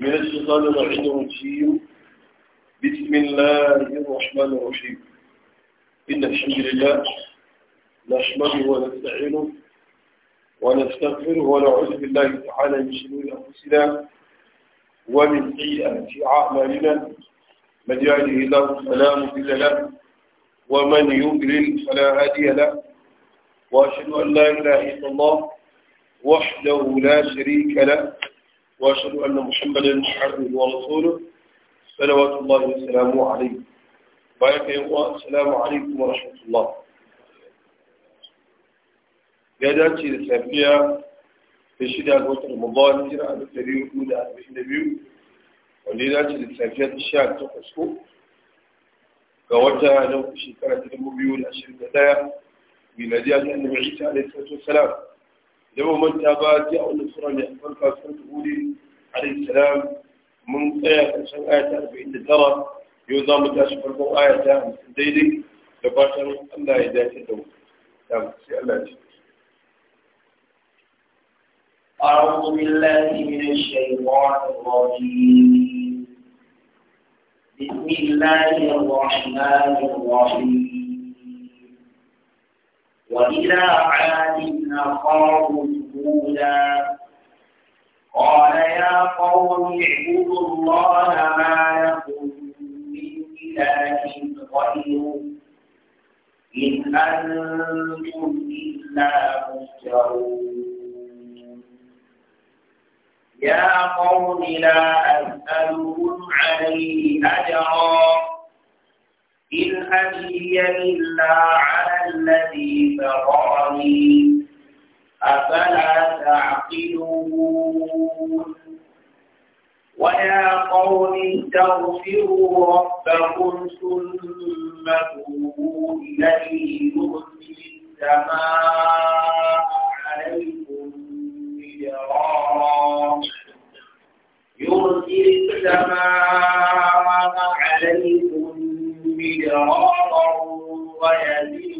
من الشيطان الرجيم الرجيم بسم الله الرحمن الرحيم إن الحمد لله نحمده ونستعينه ونستغفره ونعوذ بالله تعالى من شرور أنفسنا ومن سيئات أعمالنا من يهده الله فلا مضل له ومن يضلل فلا هادي له وأشهد أن لا إله إلا الله وحده لا شريك له وأشهد أن محمدا عبده ورسوله صلوات الله وسلامه عليه بارك يا السلام عليكم ورحمة الله يا داتي السابقية في شدة الوقت رمضان جرى أن تريد أولى أربعين نبيو wanda ya dace da safiyar sha takwas ko ga wata na shekara ta dubu biyu da ashirin da لو من تابع جاء النصر من أحمد فاسم تقولي عليه السلام من آية عشان آية أربعين ترى يوضام تاشف الفو آية ديدي لباشر الله يدعي الدولة تمام سي الله يجي أعوذ بالله من الشيطان الرجيم بسم الله الرحمن الرحيم وإلى عاد أخاهم هودا قال يا قوم اعبدوا الله ما لكم من إله غيره إن أنتم إلا مفترون يا قوم لا أسألكم عليه أجرا إن أجري إلا على الذي فطرني أفلا تعقلون ويا قوم استغفروا ربكم ثم توبوا إليه يرسل السماء عليكم مدرارا يرسل السماء عليكم مدرارا ويزيد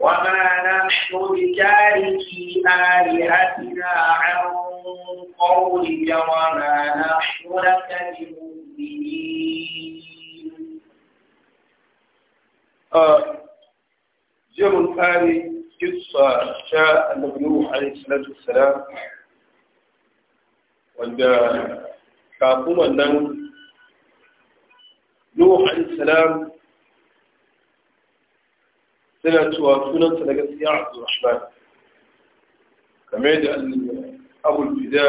وما نحن بتاركي آلهتنا عن قولك وما نحن لك بمؤمنين آه، جمع الثاني قصة شاء النبي نوح عليه الصلاة والسلام wanda kafin نوح عليه السلام yana cewa sunansa na gaskiya abdurrahman kamar da abul fida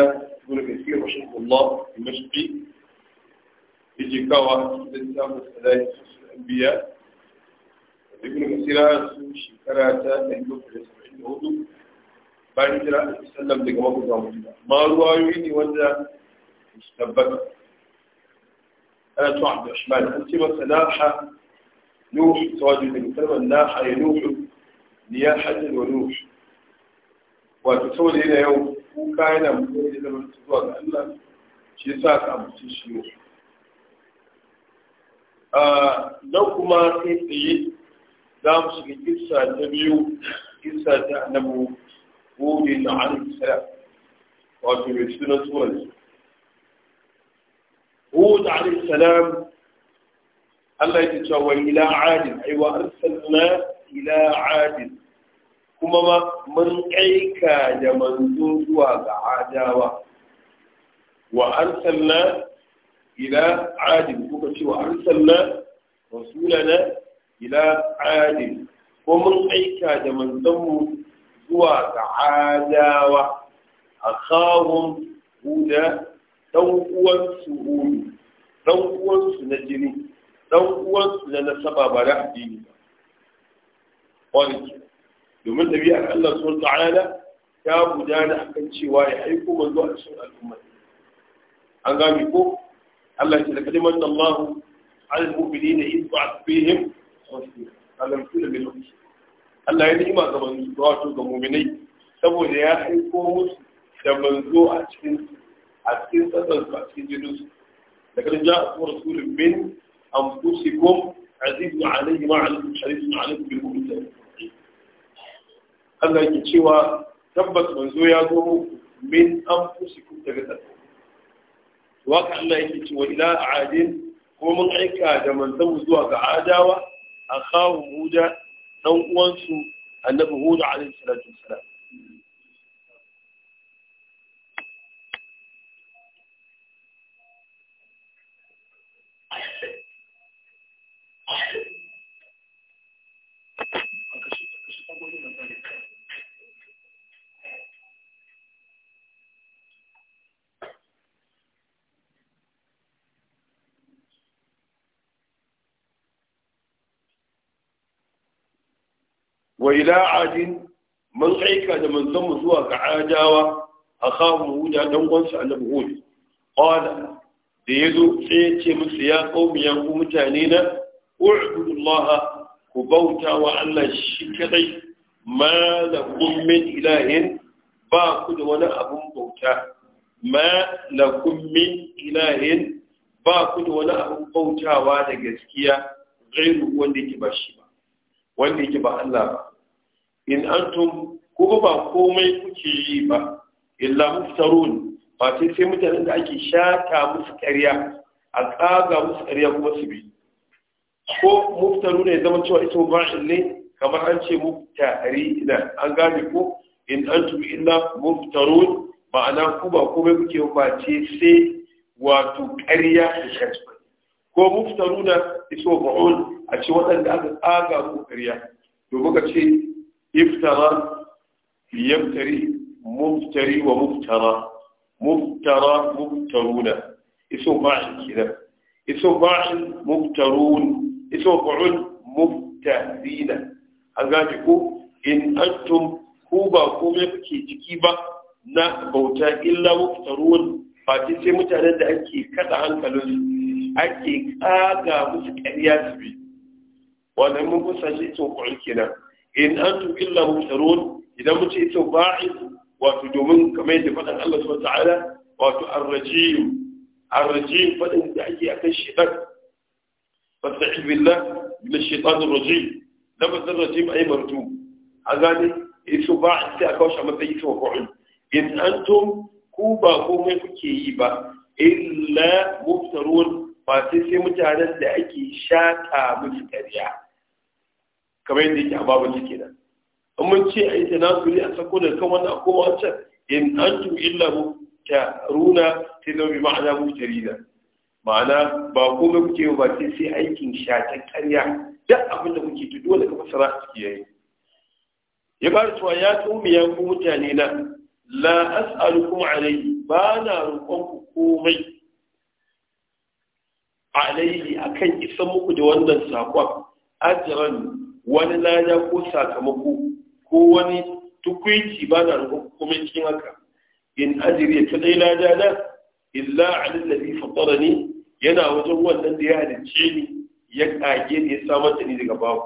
ibn kathir rahimahullah dimashqi yake kawa da samun salahi anbiya ibn kathir su shekara ta 1974 bayan jira a sallam daga mabuga mutum ma ruwayoyi ne wanda tabbata ana cewa abdurrahman an ce masa laha نوح سواء من كلمة ناح أي نوح نياحة ونوح وتصور إلى يوم وكان مقول لما من تزوج الله شيء ساك نوح تشيوخ آه، لو كما كيفي دام شيء قصة تبيو قصة تعلم قول عليه السلام وفي سورة هود عليه السلام Allah yake cewa wa ila adin ai wa arsalna ila adin kuma ma mun aika da manzo zuwa ga adawa wa arsalna ila adin kuka ce wa arsalna rasulana ila adin ko mun aika da manzonmu zuwa ga adawa a kawun huda ɗan uwansu hudu ɗan uwansu na jini Ɗan uwansu na nasaba ba da addini ba wani domin ɗabi'ar Allah subhanahu ta'ala ta gudana akan cewa ya aiko manzo a cikin al'umma an gami ko Allah ya da man Allah al-mu'minina yub'ath fihim alam kula bil Allah ya ni'ima ga manzo wato ga mu'minai saboda ya aiko musu da manzo a cikin a cikin sassan a cikin jinsu da kan ja'a rasulun min أنفسكم عزيز عليه ما عليكم حريص عليكم بالمؤمنين Allah yake cewa tabbas manzo ya zo min anfusikum daga tsarki to haka Allah yake cewa ila adin kuma mun aika da manzon zuwa ga adawa akhahu huda dan uwansu annabi huda Wai ila adin mun aika da manzanmu zuwa ga adawa a kawo huda don gwansu annabi ƙwada da ya zo sai ya ce musu ya ƙaumiyan ku mutane na u'budu Allah ku bautawa Allah shi kadai ma lakum min ilahin ba ku da wani abun bauta ma lakum min ilahin ba ku da wani abun bautawa da gaskiya gairu wanda yake ba ba Allah ba in antum ku ba komai kuke yi ba illa muftarun ba sai mutanen da ake shata musu ƙarya a tsaga musu ƙarya kuma su bi ko muftaru ne zama cewa ba shi ne kamar an ce muftari na an gane ko in antum illa muftarun ma'ana ku ba komai kuke ba ce sai wato ƙarya da shakka ko muftaruna iso ba'un a ce waɗanda aka tsaga ku ƙarya domin ka ce iftara yamtari muftari wa muftara muftara muftaruna iso ba'in kenan iso ba'in muftarun isma'ul muftazina an gaji ko in antum ku ba komai kuke ciki ba na bauta illa muftarun fati sai mutanen da ake kada hankalin ake ƙaga musu ƙarya su bi wannan mun kusa shi isma'ul kenan in antum illa muftarun idan mu ce isma'ul ba'id wato domin kamar yadda faɗin Allah subhanahu wa ta'ala wato arrajim arrajim faɗin da ake akan shi shedan فاستعذ بالله من الشيطان الرجيم لفظ الرجيم أي مرجوم أغاني إتباع إنت أكوش أما تيس وقعون إن أنتم كوبا كومي كيبا إلا مفترون فاتسي متعدد لأكي شاتا مفتريا كما يديك أبابا لكينا أما تشي أي تناسلي أسكون الكوان أقوم أنت إن أنتم إلا مفترون تلو بمعنى مفترين ma'ana ba komai kuke ba sai sai aikin shatan karya, duk abin da kuke tudu wanda kafa sara su ke yi ya ba cewa ya tsumi ya ku mutane na la as'alukum alayhi ba na roƙon ku komai alayhi akan isa muku da wannan sakon ajran wani lada ko sakamako ko wani tukwici ba na roƙon ku komai cikin haka in ajiri ta dai lada na illa alil ladhi fatarani yana wajen wannan da ya halice ni ya kage ni ya samar da ni daga babu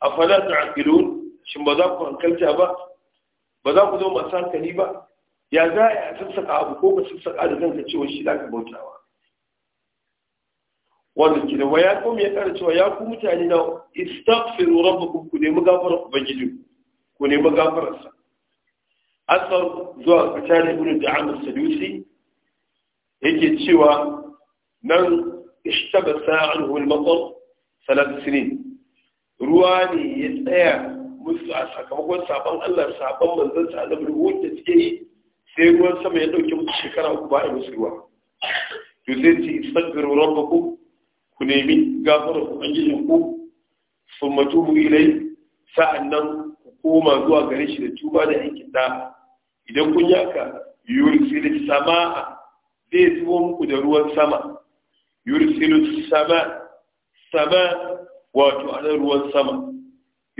afala ta'qilun shin ba za ku hankalta ba ba za ku zo masu hankali ba ya za a sassaka abu ko ka sassaka da kanka cewa shi zaka bautawa wannan kina wa ya kuma ya kara cewa ya ku mutane na istaghfiru rabbakum ku nemi gafarar ubangiji ku nemi gafararsa asar zuwa tsakanin ibnu da'am as-sadusi yake cewa nan ishtaba sa'ahu al-matar salat sinin ruwa ne ya tsaya musu a sakamakon sabon Allah sabon manzon sa annabi wanda suke yi sai ruwan sama ya dauke musu shekara uku ba a musu ruwa to sai ci istaghfiru rabbakum ku nemi gafara ku ku summa tubu ilai sa'annan ku koma zuwa gare shi da tuba da aikin da idan kun yaka yuri sai da sama'a تيتوم كدروا السماء يرسل السماء سماء وجعل روى السماء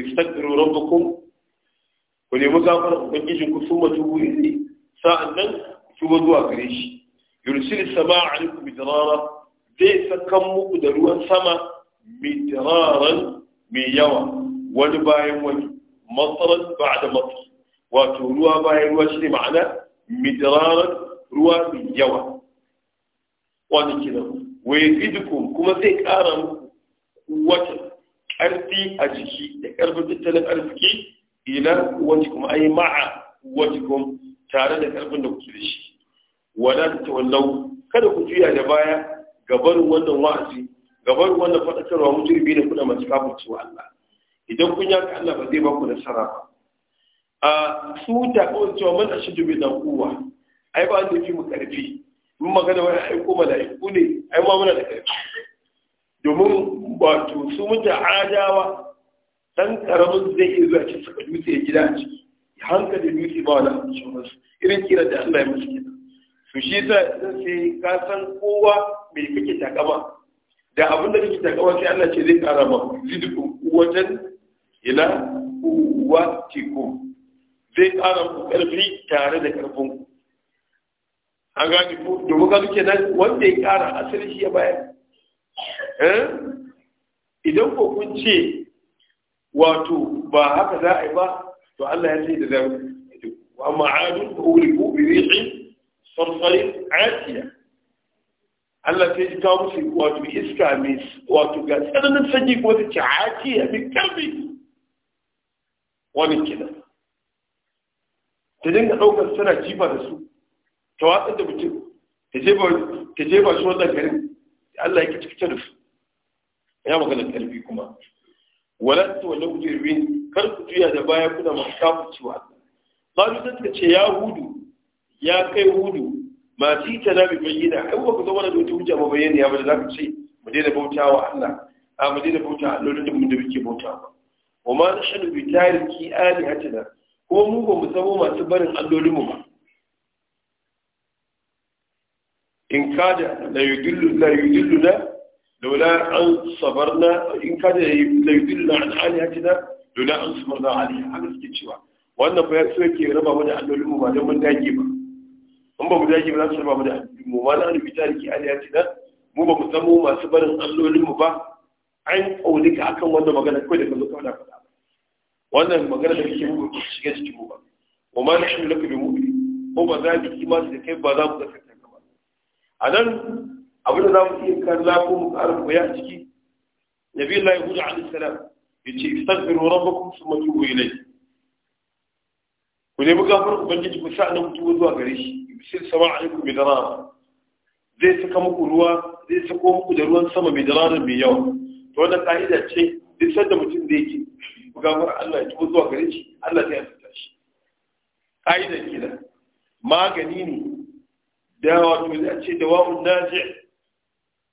استكبروا ربكم ولمكافر فنجيجن كسومة وإذي سألنا شو بدوا كريش يرسل السماء عليكم مدرارا ديس كم كدروا السماء مدرارا من يوى ونباي مطرا بعد مطر وتولوا باي الوجه معنا مدرارا روى من يوم wani kinan wa yazidukum kuma zai ƙara muku wata ƙarfi a jiki da ƙarfin tattalin arziki ila a yi ma'a kuma tare da ƙarfin da kusur da shi ta tawallau kada ku juya da baya gabar wannan wa'azi gabar wannan faɗakarwa mujirbi da kuna masu kafirci wa Allah idan kun yaka Allah ba zai ba ku nasara ba a su ta kawai cewa man ashadu bi dan ai ba da fi mu ƙarfi mun magana wani aiko mala'iku ne ai ma muna da kai. domin wato su mutu adawa dan karamin zai iya zuwa ci suka dutse ya gida a ciki ya hankali dutse ba wani abincin wasu irin kiran da Allah ya musu kenan su shi ta sai ka san kowa mai kake takama da abin da kake takama sai Allah ce zai kara maka zidu wajen ila kuwatikum zai kara ku karfi tare da karfin ku an gani ko domin ka suke nan wanda ya kara asali shi ya bayar eh? idan ko kun ce wato ba haka za a yi ba to Allah ya ce da zan wa ma'adun ko wuri ko biri'in sarsarin asiya Allah sai ji kawo musu wato iska mai wato ga tsananin sanyi ko ta ce asiya mai karfi wani kina ta dinga ɗaukar suna jifa da su ta da mutum ta jefa shi wannan garin Allah yake cikin da su ya magana karfi kuma wala ta wala ujirin kar ku juya da baya kuna masu kafucewa qalu sai suka ce ya hudu ya kai hudu ma ti ta na bi bayyana ai ba ku zama da wata hujja ba bayyana ya bada za ku ce mu daina bautawa Allah a mu daina bauta allolin da mu da muke bautawa wa ma nashhadu bi tariki hatina ko mu ba mu zama masu barin allolinmu ba in kada la yudillu la yudilluna laula an sabarna in kada la yudilluna an alihatina laula an sabarna alaiha haka suke cewa wannan fa yaso yake raba mu da allolin mu ba don mun dage ba in ba mu dage ba za su raba mu da allolin mu ma na nufi tariki alihatina mu ba mu san masu barin allolin mu ba an kauli ka akan wannan magana kai da kazo kawai da faɗa wannan magana da kake mu shiga cikin mu ba wa ma nahnu laka bi mu'min ko ba za mu ma su da kai ba za mu ga a nan abin da za mu iya kalla ko mu ƙara koya a ciki nabi Allah Yahuda alaihi salam ya ce istaghfiru rabbakum thumma tubu ilayhi ku nemi gafarar ubangiji ku sha nan tubu zuwa gare shi bisir sama alaikum bi darar zai saka muku ruwa zai sako muku da ruwan sama bi darar mai yawa to wannan ka'ida ce duk sanda mutum da yake gafar Allah ya tubu zuwa gare shi Allah zai asirta shi ka'ida kenan magani ne da wato mai zai ce da wa'un naji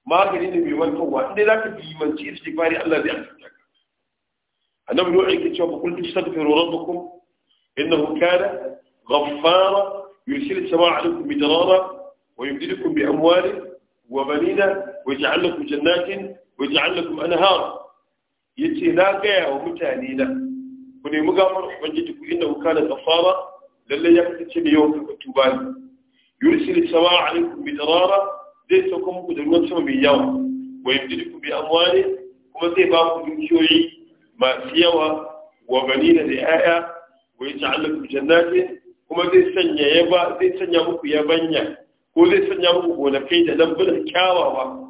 magani ne mai warkarwa inda za ka bi imanci istighfari Allah zai amsa ka annabi yau yake cewa kul tastaghfiru rabbakum innahu kana ghaffara yursil as-samaa'a 'alaykum midrara wa yumdidukum bi amwalin wa banina wa yaj'al lakum jannatin wa yaj'al lakum anhara yace na gaya wa mutane na ku nemi gafar ubangiji ku innahu kana ghaffara lalle ya kace da yawan tuba ne yursil samaa alaikum rara. zai sauka muku da ruwan sama mai yawa wa yamdidukum bi amwali kuma zai ba ku dukiyoyi masu yawa wa ganina da 'ya'ya wa yaj'alukum jannatin kuma zai sanya yaba zai sanya muku yabanya ko zai sanya muku gonakai da kyawawa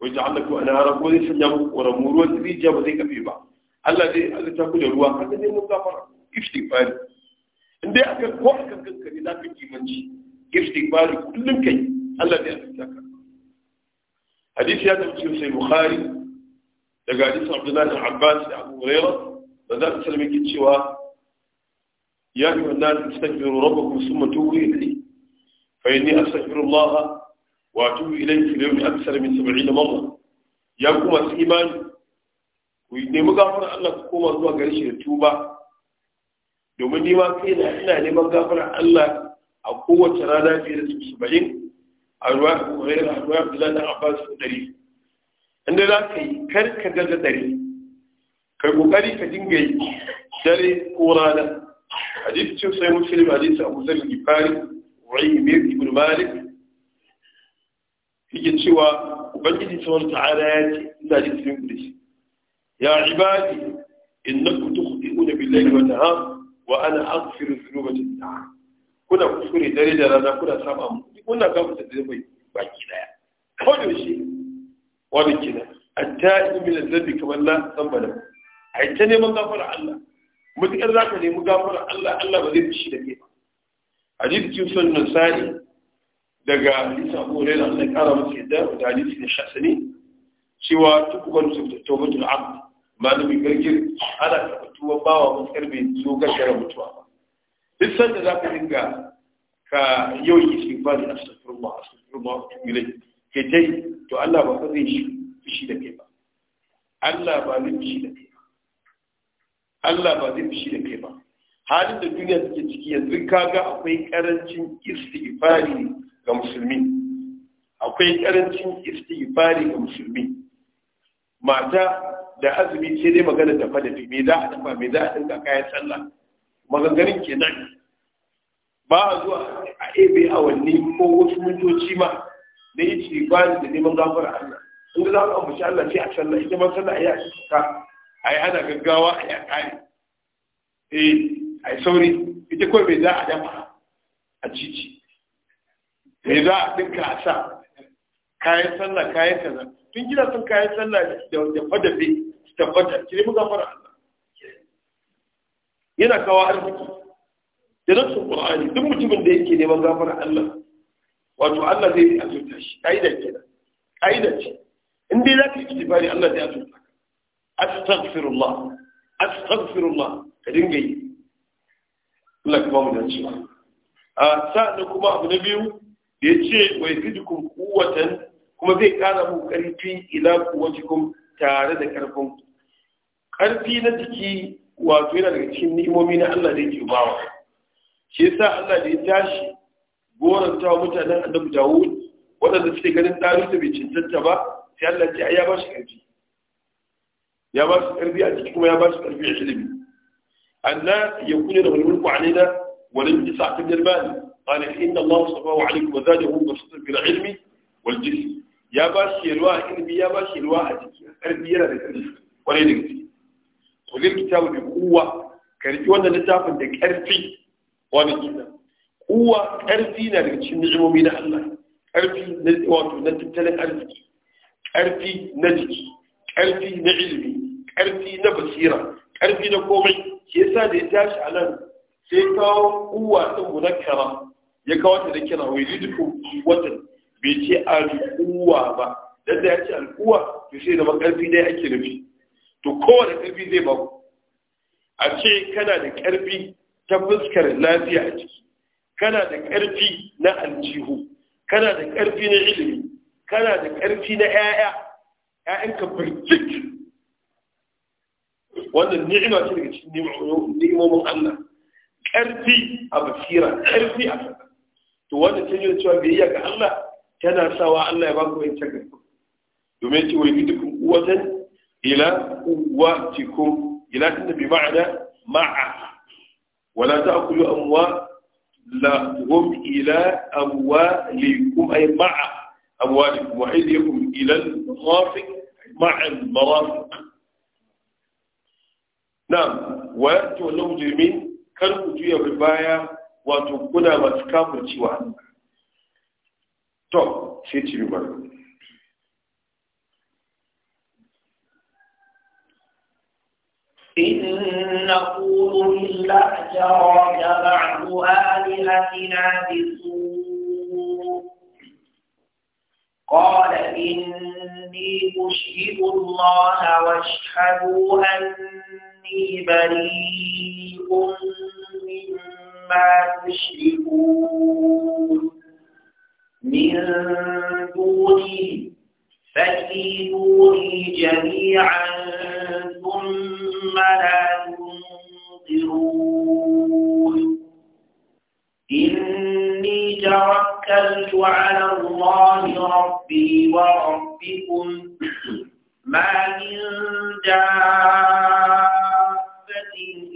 wai ta Allah zai sanya muku ba zai kafe ba Allah ku da ruwa haka ne mun gafara istighfari in aka ko aka kankare za ka kimanci istighfari kullum kai Allah bai amsa ka hadisi ya tabbata sai bukhari daga hadisin abdullahi abbas da abu hurairah da za ka salme ki cewa ya yi wa nasu istaghfiru rabbakum summa tubu ilayhi fa inni astaghfirullah wa atubu ilayhi fil yawmi akthar min 70 marra ya kuma su imani ku nemi gafara Allah ku koma zuwa shi da tuba domin ni ma ina neman gafara Allah a kowace rana fiye da su saba'in a ruwa da kuhairar a ruwa da zana a basu ɗari inda za ka yi kar ka gaza ɗari ka kokari ka dinga yi dare ko rana a cin sai muslim hadisi abu zar gifari wa'in mir ibn malik yake cewa ubangiji sauran ta'ala ya ce ina jin cikin kudishi ya ibadi innakum tukhti'una billahi wa ta'ala wa ana aghfiru dhunuba jami'a kuna kuskure dare da rana kuna saba mu kuna ga mutum da zai baki daya ko da shi wani kina an ta yi min kamar la san bala ai ta neman gafara Allah mutukar zaka nemi gafara Allah Allah ba zai fishi da kai ba hadith cikin sunan sa'i daga hadith Abu Hurairah Allah ya kara masa yadda da hadith ne shasani cewa tukuban su tawbatul abd malamin gargir ana tabbatuwa bawa mutsar bai zo gashara mutuwa duk sanda za ka dinga ka yau yi ba astaghfirullah astaghfirullah wa a ilayh ke tai to Allah ba zai fushi da kai ba Allah ba zai fushi da kai ba Allah ba zai fushi da kai ba halin da duniya take ciki yanzu kaga akwai karancin istighfari ga musulmi akwai karancin istighfari ga musulmi mata da azumi sai dai magana da fadafi me za a dafa me za a dinga kayan sallah ke kenan ba a zuwa a ebe awanni ko wasu mintoci ma da yi ba da neman gafara Allah in da za mu ambaci Allah sai a sallah ita ma sallah a yi a ka a yi ana gaggawa a yi a kare eh a yi sauri ita kawai mai za a dafa a cici mai za a dinka a sa kayan sallah kayan kaza tun gina sun kayan sallah da fadafe su tabbata ki neman gafara Allah yana kawo arziki da nasu qur'ani duk mutumin da yake neman gafara Allah wato Allah zai azurta shi kaida kenan kaida ce in dai za ka yi istighfari Allah zai azurta ka astaghfirullah astaghfirullah ka dinga yi Allah ka ba mu dace a sa'an kuma abu na biyu da ya ce fi fidikum kuwatan kuma zai ƙara mu karfi ila kuwatikum tare da karfin karfi na jiki wato yana daga cikin ni'imomi na Allah da yake bawa shi yasa Allah da ya tashi goranta wa mutanen annabi Dawud waɗanda suke ganin ɗarinsa bai cancanta ba sai Allah ce ai ya ba shi ƙarfi ya ba shi ƙarfi a ciki kuma ya ba shi ƙarfi a ilimi anna ya kunya da mulku alaina wa lam yasa ta jirmani qala inna Allah wa alaikum wa zadahu basatan fil ilmi wal jism ya ba shi yalwa a ilimi ya ba shi yalwa a ciki ƙarfi yana da ƙarfi kwarai da gaske kulil kitabu bi kuwa karki wannan littafin da karfi wani kina kuwa karfi na daga cikin ni'imomi na Allah karfi na wato na tattalin arziki karfi na jiki karfi na ilimi karfi na basira karfi na komai shi yasa da ya tashi a nan sai kawo kuwa din munakkara ya kawo ta da kira wai lidukum watan bai ce al ba dan da ya ce al to sai da makarfi dai ake nufi to kowane ƙarfi zai ba a ce kana da ƙarfi ta fuskar lafiya a ciki kana da ƙarfi na aljihu kana da ƙarfi na ilimi kana da ƙarfi na 'ya'ya 'ya'yanka birtik wannan ni'ima ce daga cikin ni'imomin Allah ƙarfi a basira ƙarfi a fata to wannan ta yi cewa biyayya ga Allah tana sawa Allah ya ba ku wancan domin ce wai duk watan ila uwatikum ila tunda bi ma'ana ma'a wala ta'kulu amwa la hum ila amwalikum ay ma'a amwalikum wa aydikum ila al-marafiq ma'a al-marafiq na'am wa yantu al-mujrimin kar ku juya baya wato kuna masu kafircewa to sai ci bi إن نقول إلا اعتراك بعد آلهتنا بسوء قال إني أشهد الله واشهدوا أني بريء مما تشركون من دونه فكيدوني جميعا ثم لا تنظرون إني توكلت على الله ربي وربكم ما من دابة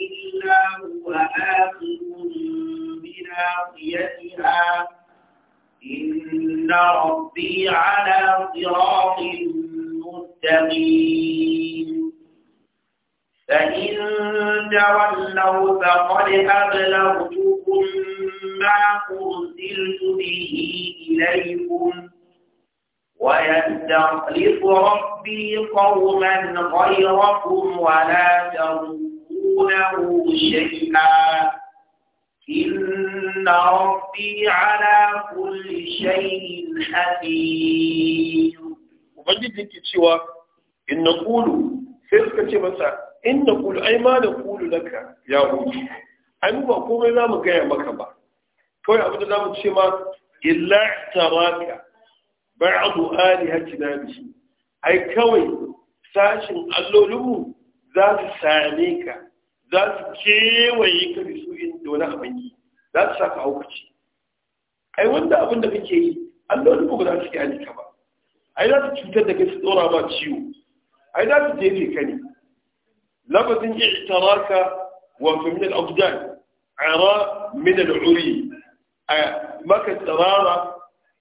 إلا هو آخذ بناصيتها إن ربي ربي على صراط مستقيم فإن تولوا فقد أبلغتكم ما أرسلت به إليكم ويستخلف ربي قوما غيركم ولا تضرونه شيئا إن ربي على كل شيء حفيظ وبجد لك سوى إن نقول سيرك مسا إن نقول أي ما نقول لك يا أولي أي مو قومي لا مقايا مكبا كوي أبدا لا متشما إلا اعتراك بعض آلهتنا به أي كوي sashin allolinmu za su same ka za su kewaye ka da su inda wani abinci za su ka haukaci ai wanda abin da kake yi da wani bugu za su ke alika ba ai za su cutar da kai su tsora ba ciwo ai za su jefe ka ne labazin i'taraka wa fi min al-abdan ara min al'uri a maka tsarara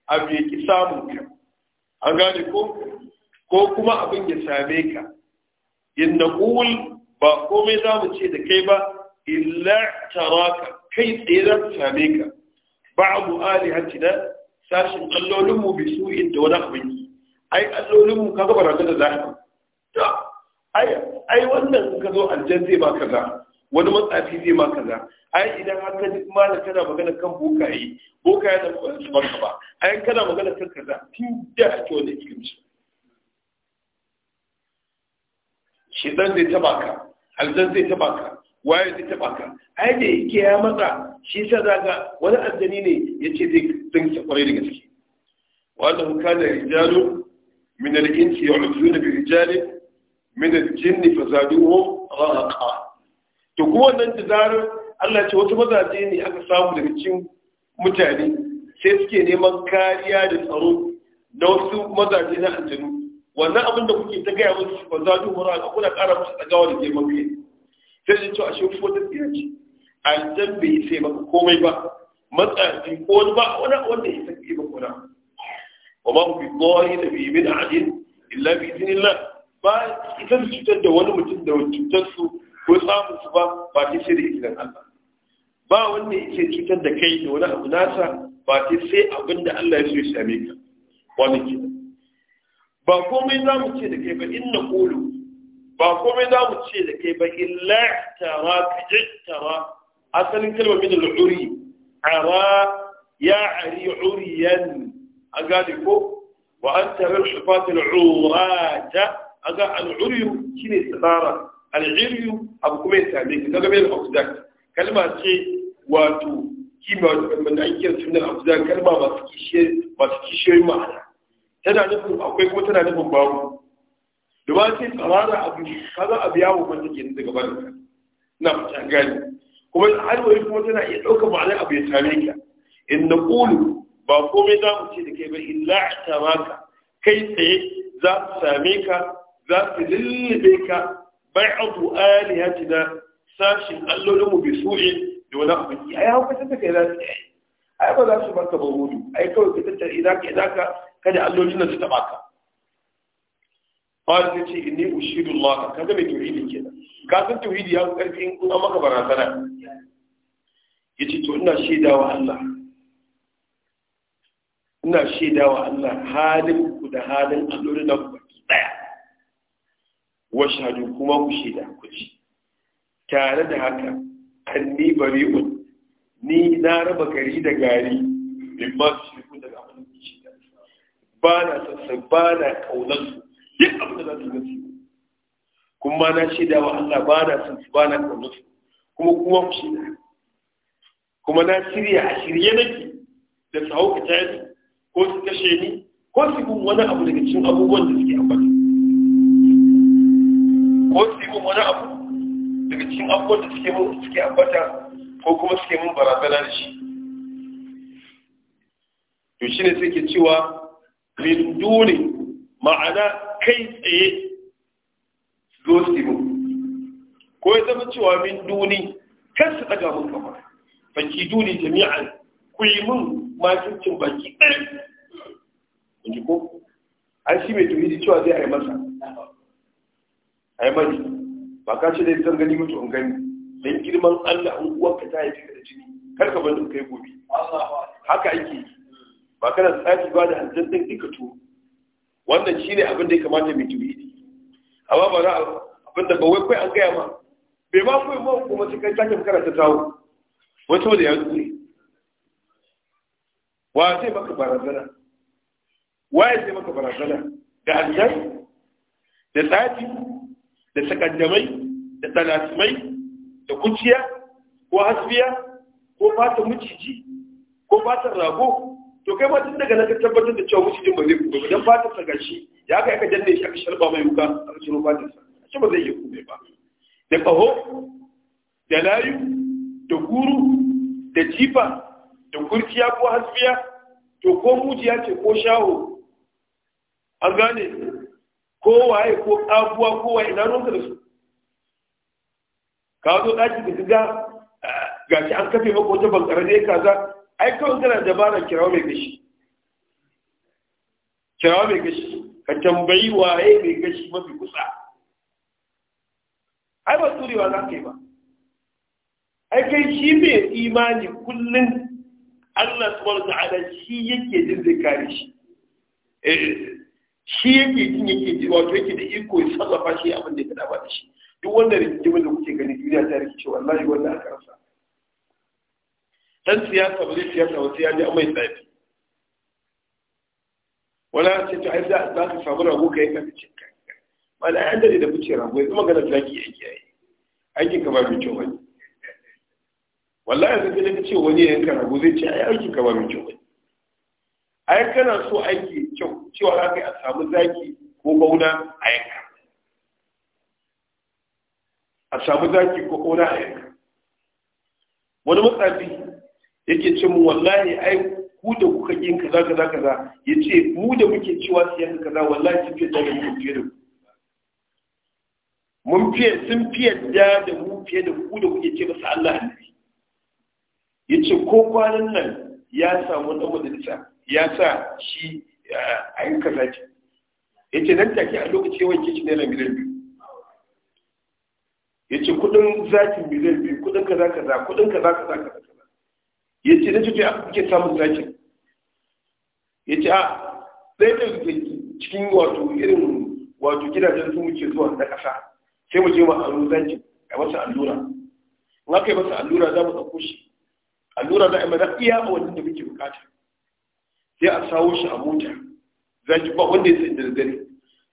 a ki samun ka an gane ko ko kuma abin ya same ka inna qul ba komai za mu ce da kai ba illa taraka kai tsaye za ta same ka hanci alihatina sashin allolinmu bai su su'in da wani abin ai allolinmu, ka zaba rantar da zaka to ai wannan ka zo aljan zai ma kaza wani matsafi zai ma kaza ai idan har ka ji malam kana magana kan bokaye bokaye da kuma su baka ba ai kana magana kan kaza tun da ake wani ilimi shi zan zai taba ka aljan zai taba ka waye zai taba ka ai da yake ya matsa shi sa zaga wani aljani ne yace zai tsinke kware da gaske wallahu kana rijalu min al-insi yu'tuna bi rijali min al-jinni fazaduhu raqa to kuma wannan da zarar Allah ce wasu mazaje ne aka samu daga cikin mutane sai suke neman kariya da tsaro na wasu mazaje na aljanu wannan abin da kuke ta gaya musu shi banza duk mura ga kuna ƙara musu tsagawa da girman kai sai sun cewa a shi ko ta tsira ce aljan bai sai maka komai ba matsayi ko wani ba wani wanda ya sake ba kuna wa ma ku bi gori da bi da adin illa bi idinillah ba ita su cutar da wani mutum da cutar su ko samun su ba ba ta sai da izinin Allah ba wanda ce cutar da kai da wani abu nasa ba ta sai abin da Allah ya so ya same ka wani kenan ba komai za mu ce da kai ba inna qulu ba komai za mu ce da kai ba illa tara tara asalin kalmar min al-uri ara ya ari uriyan an gane ko wa an tarar shafat al-urata an ga al-uriyu shine tsara al-uriyu abu kuma ya same ka daga bayan oxidant kalma ce wato kima da ake kira sunan oxidant kalma masu kishiyoyi ma'ana tana nufin akwai kuma tana nufin babu da ba sai tsarara abu kaza abu yawo man take yanzu daga barin na fata gani kuma har wani kuma tana iya ɗaukar ma'anar abu ya same ka in na ƙulu ba komai za mu ce da kai ba illa a tamaka kai tsaye za su same ka za su lullube ka bai abu alihatina sashin mu bai su'e da wani abu ya yi hau kasar da kai za su yi ai ba za su maka ba hudu ai kawai ka tattara idan ka kada allolin nan ta baka ka qala ce inni ushidu Allah kaga mai tauhidi kenan ka san tauhidi ya karfi in kuma maka barazana yace to ina wa Allah ina wa Allah halin ku da halin allolin da ku daya wa shahadu kuma ku shaida ku ci tare da haka anni bari'un ni na raba gari da gari min ba shi ku da ba na sassa ba na kaunansu duk abin da za su gasi kuma na shaida wa Allah ba na sassa ba na kaunansu kuma kuma ku shaida kuma na shirya a shirye nake da su ka ta ko su kashe ni ko su yi wani abu daga cikin abubuwan da suke ambata ko su yi wani abu daga cikin abubuwan da suke mun suke ambata ko kuma suke mun barazana da shi to shine sai ke cewa min duni ma'ana kai tsaye su yi ko ya zama cewa min duni kan su daga mun kafa baki duni jami'an ku yi mun makincin baki ɗari in ko an shi mai tuhidi cewa zai a yi masa a yi mani ba ka ce da ita gani mutu in gani don girman allah in uwanka ta yi da jini kar ka ni kai gobe haka ake yi ba kana tsaki ba da hanzar ɗin ka tu wannan shi ne abin da ya kamata mai tuwi ne amma ba za abin da bawai kai an gaya ma bai ma kai ma kuma sai kai sake karanta tawo wato da ya zuwe wa zai maka barazana wa ya zai maka barazana da hanzar da tsaki da sakandamai da talasimai da kuciya ko hasbiya ko fatan miciji ko fatan rago to kai ma tun daga nan ka tabbatar da cewa mutum ba zai kuma ba dan fatar sa gashi ya kai ka danne shi aka sharba mai wuka aka ba fatar sa shi ba zai yi kuma ba da kaho da layu da guru da jifa da kurciya ko hasbiya to ko mujiya ce ko shaho an gane ko waye ko abuwa ko waye na ruwanka da su ka zo ɗaki da ga gashi an kafe maka wata bankara ne kaza ai kawai kana dabara kirawo mai gashi kirawo mai gashi ka tambayi waye mai gashi mafi kusa ai ba turewa za ka yi ba ai kai shi mai imani kullum Allah su wani ta'ala shi yake jin zai kare shi eh, shi yake jin yake ji wato yake da iko ya sarrafa shi abin da ya kada ba da shi duk wanda rigimin da kuke gani duniya ta rikice wallahi wanda aka rasa dan siyasa ba zai siyasa wasu ya ji amai tsafi wala ce ta aida za ka samu rago ka yi ka ce ka ba da an da fice rago zama gana zaki yake yayi aikin ka ba mai kyau bane wallahi yanzu da kace wani yanka rago zai ce ai aikin ka ba mai kyau wani ai kana so aiki kyau cewa za ka a samu zaki ko bauna a yanka a samu zaki ko bauna a yanka wani matsafi yake ce mu wallahi ai ku da kuka yin kaza kaza kaza yace mu da muke cewa yanka kaza wallahi sun fiye da mu fiye da ku mun fiye sun fiye da da mu fiye da ku da kuke ce masa Allah annabi yace ko kwanan nan ya samu dan majalisa ya sa shi ai kaza ce yace nan take a lokaci ke shi naira miliyan biyu yace kudin zakin miliyan biyu kudin kaza kaza kudin kaza kaza kaza ya ce na ce ya kuke samun zakin ya ce a ɗaya da cikin wato irin wato gidajen sun wuce zuwa na ƙasa sai mu je ma aro zakin a masa allura in aka yi masa allura za mu ɗauko shi allura za a yi mana iya a wajen da muke bukata sai a sawo shi a mota zaki ba wanda ya sai da dare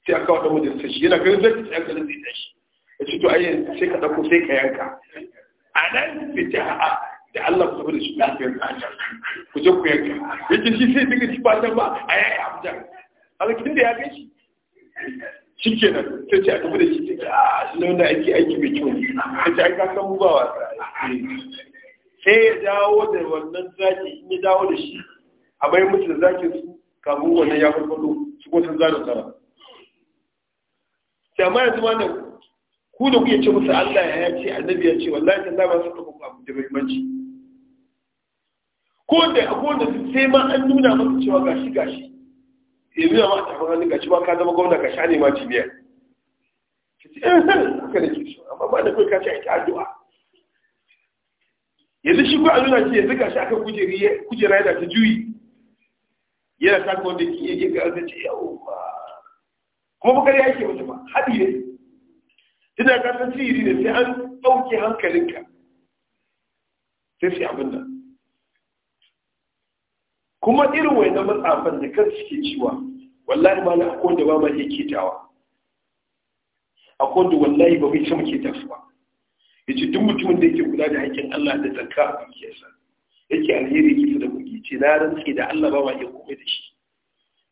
sai aka wata ɗan wajen shi yana ganin zaki sai aka zai tashi ya ce to ai sai ka ɗauko sai ka yanka a nan fita a a'a Allah ku tafi da shi ku yanka a ku je ku yanka yake shi sai dinga shi fatan ba a yaya abuja alkin da ya gan shi shi ke nan sai ce a tafi da shi ce a ah, shi wanda aiki aiki mai kyau ta ce an kasan mu ba wasa sai ya dawo da wannan zaki in ya dawo da shi a bai mutu da zaki su kafin wannan ya farfado su ko sun zara sara sai amma yanzu ma nan ku da kuke ce musu Allah ya ce annabi ya ce wallahi tallahi ba su tafi abu da muhimmanci ko da ko da sai ma an nuna masu cewa gashi gashi ya nuna ma a tafi hannun gashi ma ka zama gwamna ka sha ne ma jimiya Ka ce eh san haka ne ke so amma ba da kai ka ce ita addu'a yanzu shi kuwa a nuna shi yanzu gashi aka kuje kujera da ta juyi yana kuma wanda ke yake ga zai ce yawo ba kuma bakar ya ke wata ba haɗi ne ina ta san ne sai an ɗauke hankalinka sai sai abin nan kuma irin wai na matsafan da kan suke ciwa wallahi ma na akwai da ba ma iya ketawa akwai da wallahi ba mai sama keta ba ya ce duk mutumin da yake kula da haƙƙin Allah da zakka a dukiyarsa yake alheri kisa da kuɗi ce na rantsi da Allah ba ma iya komai da shi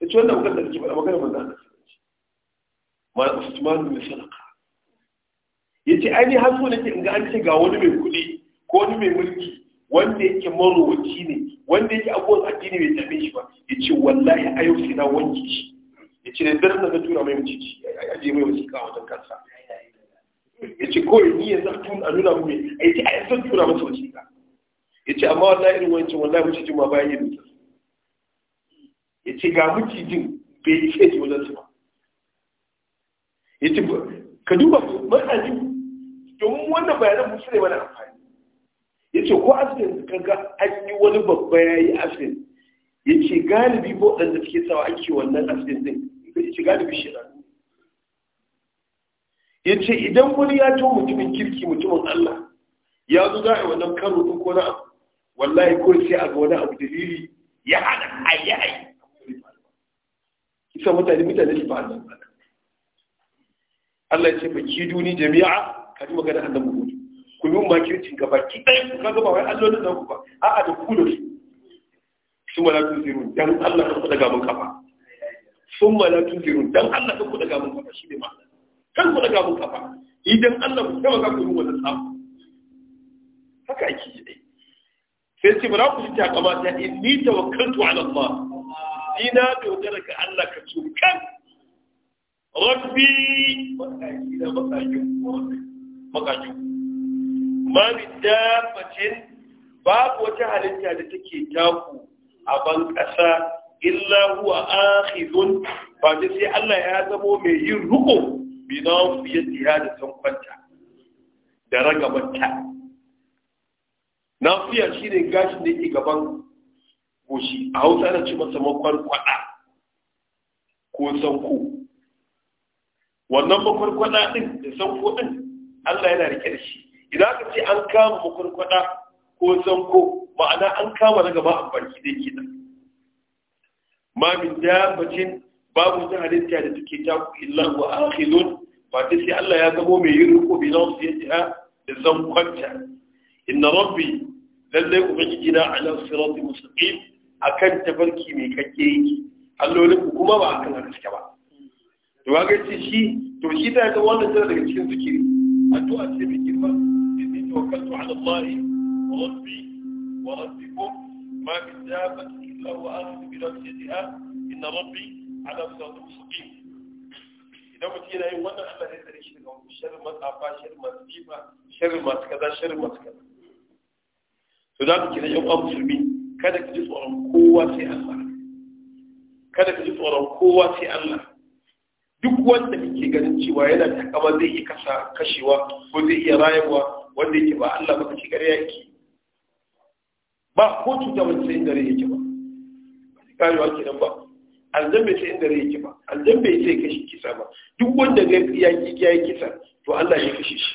ya ce wannan magana da kake faɗa magana manzo Allah ma Usman bin Salaka yace ai ni har so nake in ga an ce ga wani mai kuɗi ko wani mai mulki wanda yake marowaci ne wanda yake abubuwan addini bai tabe shi ba ya ce wallahi a yau sai na wanke shi ya ce da na na tura mai maciji ya ajiye mai kawo wajen kansa ya ce kawai ni yanzu a nuna mai a yi ce a yanzu tura masa ka ya ce amma wallahi irin wancan wallahi macijin ma bayan yin sa ya ce ga macijin bai ce ji wajen su ba ya ce ka duba matsajin domin wannan bayanan musu ne mana amfani Yace ko asirin kaga an yi wani babba ya yi asirin Yace galibi ko da suke sawa ake wannan asirin din ka ce galibi shi na Yace idan wani ya to mutumin kirki mutumin allah ya zo za a yi wannan karo ɗin ko na abu wallahi ko sai a ga wani abu dalili ya hana ayi ayi kisa mutane mutane su ba Allah ya ce baki ki duni jami'a ka ji magana annabi ku yi makircin ka baki ɗaya ku kaga ba wai allolin nan ku ba a'a da ku da su sun mala tun zirun dan Allah ka kuɗa gamin kafa sun mala tun zirun dan Allah ka kuɗa gamin kafa shi ne ma kan kuɗa gamin kafa idan Allah ku kama ka kuɗin wannan tsafi haka ake yi dai sai ce bara ku ta kamata in ni tawakkaltu ala Allah ina dogara ga Allah ka tsokan rabbi makaji na makaji makaji ma min dabbatin babu wata halitta da take taku a ban ƙasa illa huwa akhizun ba da sai Allah ya zamo mai yin ruko bi na fiye da kwanta da ragabanta na fiya shi ne gashin da yake gaban goshi a hausa ana ce masa makwarkwada ko sanko wannan makwarkwada din da sanko din Allah yana rike da shi idan aka ce an kama makwarkwada ko zanko? ma'ana an kama na gaba amfarki da kenan ma min dabbatin babu ta halitta da take ta illan wa akhilun ba ta sai Allah ya zamo mai yin riko bi ta da zankwanta inna rabbi lallai ubangiji na ala sirati mustaqim akan tafarki mai kake yake allolin kuma ba akan haske ba to ga ce shi to shi yi ga wannan tana daga cikin zikiri addu'a ce mai girma توكلت على الله وربي وربكم ما من دابة إلا هو آخذ بناصيتها إن ربي على صراط مستقيم idan mutum yana yin wannan Allah zai tsare shi daga wani sharri masu afa sharri masu jifa sharri masu kaza sharri masu kaza to za ku kira yan uwan musulmi kada ka ji tsoron kowa sai Allah kada ka ji tsoron kowa sai Allah duk wanda kake ganin cewa yana takama zai iya kasa kashewa ko zai iya rayuwa wanda yake ba Allah ba shi gare yake ba ko cuta ba sai inda yake ba karewa kenan ba aljan bai sai inda yake ba aljan bai sai kashi kisa ba duk wanda ga ya ki ya kisa to Allah ya kashe shi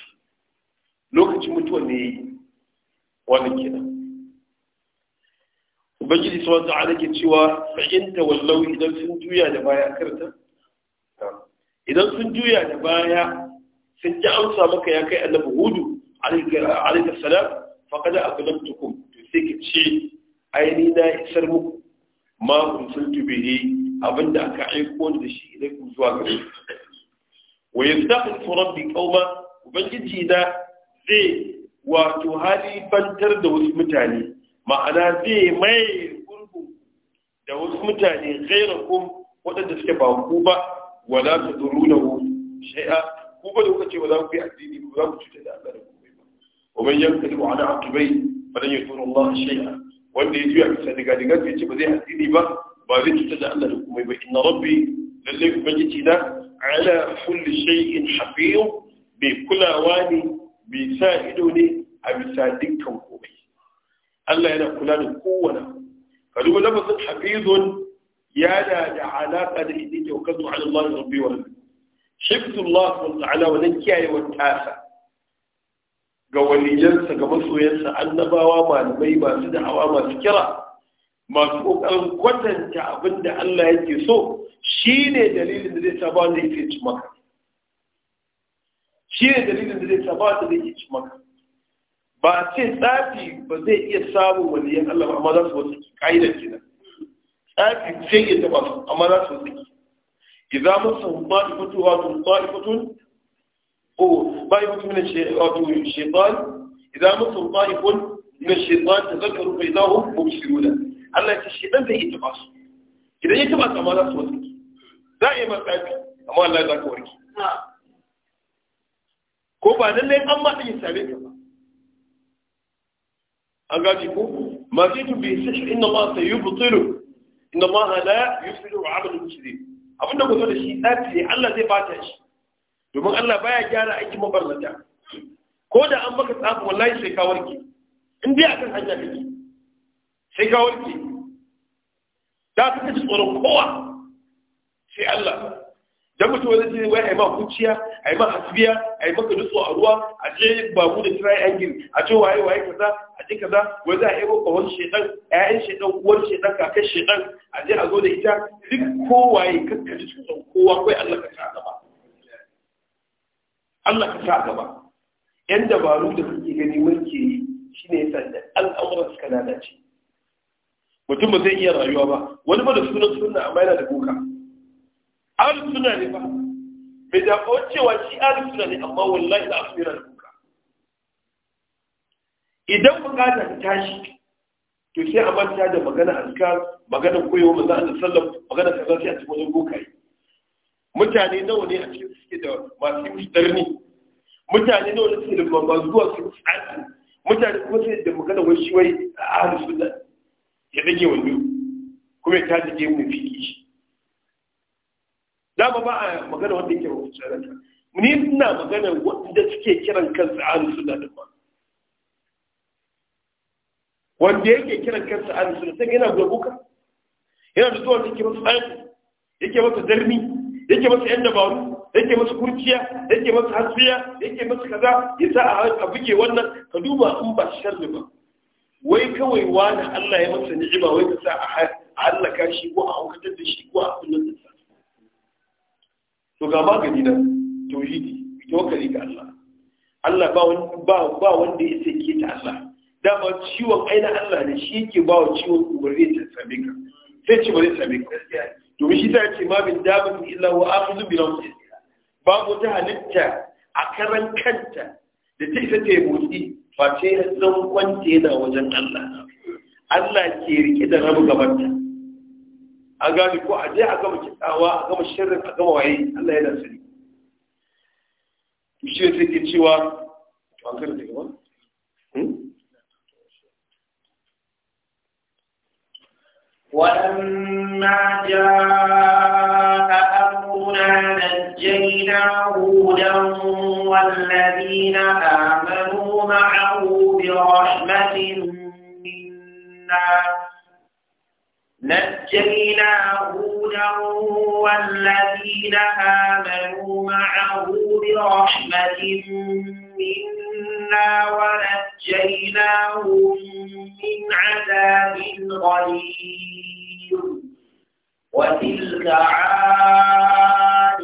lokacin mutuwar ne yayi wannan kenan ubangiji subhanahu wa ta'ala ke cewa fa in tawallaw idan sun juya da baya karta idan sun juya da baya sun ji amsa maka ya kai annabi hudu alaikar salam faƙada a kudantukum to sai ka ce aini na isar muku ma kuntul tubihi abinda aka aiko da shi idan ku zuwa gare wa yastaghfiru rabbi qauma ubangiji da zai wato hali halifantar da wasu mutane ma'ana zai mai gurgu da wasu mutane ghairakum waɗanda suke ba ku ba wala tadrunahu shay'a ku ba da kuka ce ba za ku yi addini ba za ku cuta da Allah da ومن يمتلك على عقبيه فلن يدور الله شيئا wanda ya juya bisa daga daga ya ce ba zai hasiri ba ba zai cutar da Allah da kuma ba inna rabbi lalle ubangiji na ala kulli shay'in hafiz bi kulawa ne bi sa ido ne a bisa dukkan komai Allah yana kula da kowane ka duba lafazin da da alaka da idan ya kasu ala nan kiyaye ga waliyansa ga masoyansa annabawa malamai masu da'awa masu kira masu ƙoƙarin kwatanta abin da Allah yake so shi ne dalilin da zai ba da yake ci maka shi ne dalilin da zai ba da yake ci maka ba ce tsafi ba zai iya samun waliyan Allah amma za su wasu ƙa'idar kenan tsafi zai iya taɓa su amma za su wasu idan mun samu ta'ifatun wato ta'ifatun قوة طائف من الشيطان إذا مصر طائف من الشيطان تذكروا فإذا هم مبشرون ألا الشيطان ذي يتبعص إذا يتبعص أمانا صوتك دائما تعبي أمان لا يذكرك نعم. كوبا للي أما أي سابق أغاديكو ما زيد به سحر إن الله سيبطله إن الله لا يفعل عمل المسلمين أبو النبي قال شيء أتي الله زي باتش domin Allah baya gyara aikin mabarnata ko da an baka tsafi wallahi sai ka warke in dai akan hanya kake sai ka warke da ka ji tsoron kowa sai Allah dan mutum wani zai wai ai ma kuciya ai ma hasbiya ai maka nutso a ruwa a je babu da tirai angin a ce waye waye kaza a je kaza wai za a yi maka wani shedan ƴaƴan shedan uwar shedan kakar shedan a je a zo da ita duk kowaye kakkaji tsoron kowa kai Allah ka ta gaba Allah ka sa gaba yan dabaru da kuke gani mulki yi shi yasa da al'amuran suka lalace mutum ba zai iya rayuwa ba wani ba da sunan suna amma yana da boka ahlus suna ne ba bai da ko cewa shi ahlus suna ne amma wallahi da yana da boka idan bukata ta tashi to sai a manta da magana azkar magana koyo manzo da sallallahu magana kaza sai a cikin wajen yi mutane nawa ne a cikin suke da masu ne mutane nawa ne suke da masu zuwa su tsari mutane kuma suke da magana wani shi wai a ahalin suna ya dage wani kuma ya tashi je mun fiki shi dama ba a magana wanda yake mafi tsaranta ni ina magana wanda suke kiran kansa ahalin suna da ba wanda yake kiran kansa ahalin suna sai yana kuka yana da zuwa da yake masu tsaki yake masu darni yake masa yan dabaru yake masa kurciya yake masa hasfiya yake masa kaza ya sa a buge wannan ka duba in ba sharri ba wai kawai wani Allah ya masa ni'ima wai ka sa a hallaka shi ko a hankatar da shi ko a kullun da sa to ga magani nan tauhidi tawakkali ga Allah Allah ba wani ba wanda ya sake ta Allah dama ciwon aina Allah ne shi yake ba wa ciwon umarni ta same ka sai ci ba zai ka domin shi ta ce ma bin dabin illa wa akhudhu bi Ba babu ta halitta a karan kanta da ta isa ta yi motsi face zan kwanta yana wajen Allah Allah ke rike da rabu gabanta A gani ko a je a gama kitsawa a gama shirin a gama waye Allah yana sani to shi ne sai ke cewa to an karanta gaba hmm? ولما جاء أمرنا نجينا هودا والذين آمنوا معه برحمة منا نجينا هودا والذين آمنوا معه برحمة منا ونجيناهم من عذاب غليظ وتلك عاد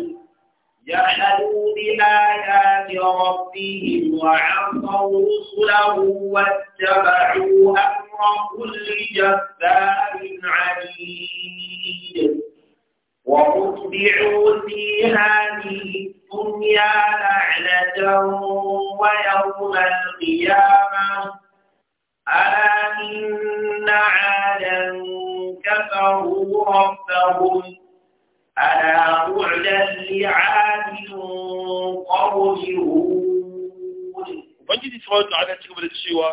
جحدوا بآيات ربهم وعصوا رسله واتبعوا أمر كل جبار عنيد وأتبعوا في هذه الدنيا لعنة ويوم القيامة ألا إن عادا كفروا ربهم ألا بعدا لعاد قوم هود Ubangiji subhanahu wa ta'ala cikin da cewa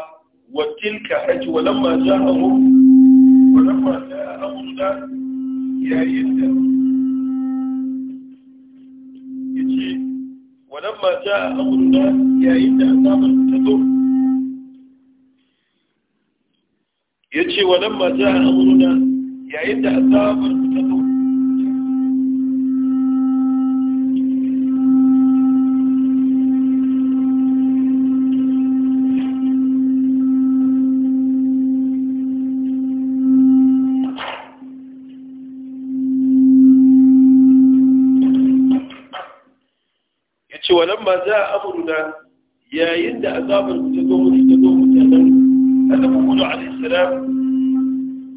wa tilka hajji wa lamma ja'ahum wa lamma ja'ahum da yayin da yace ta ya ce wa nan ma ja amuruna yayin da azabar ta zo ya ce wa nan ma ja amuruna yayin da azabar ta zo mu ta zo mu ta zo النبو هود عليه السلام